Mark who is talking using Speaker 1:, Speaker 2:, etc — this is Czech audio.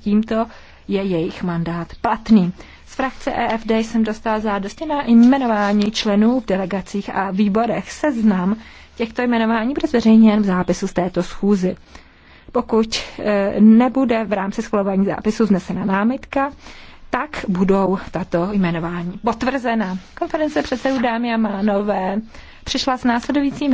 Speaker 1: tímto je jejich mandát platný. Z frakce EFD jsem dostal zádosti na jmenování členů v delegacích a výborech. Seznam těchto jmenování bude zveřejněn v zápisu z této schůzy. Pokud e, nebude v rámci schvalování zápisu znesena námitka, tak budou tato jmenování potvrzena.
Speaker 2: Konference předsedů dámy a
Speaker 1: mánové přišla s následujícím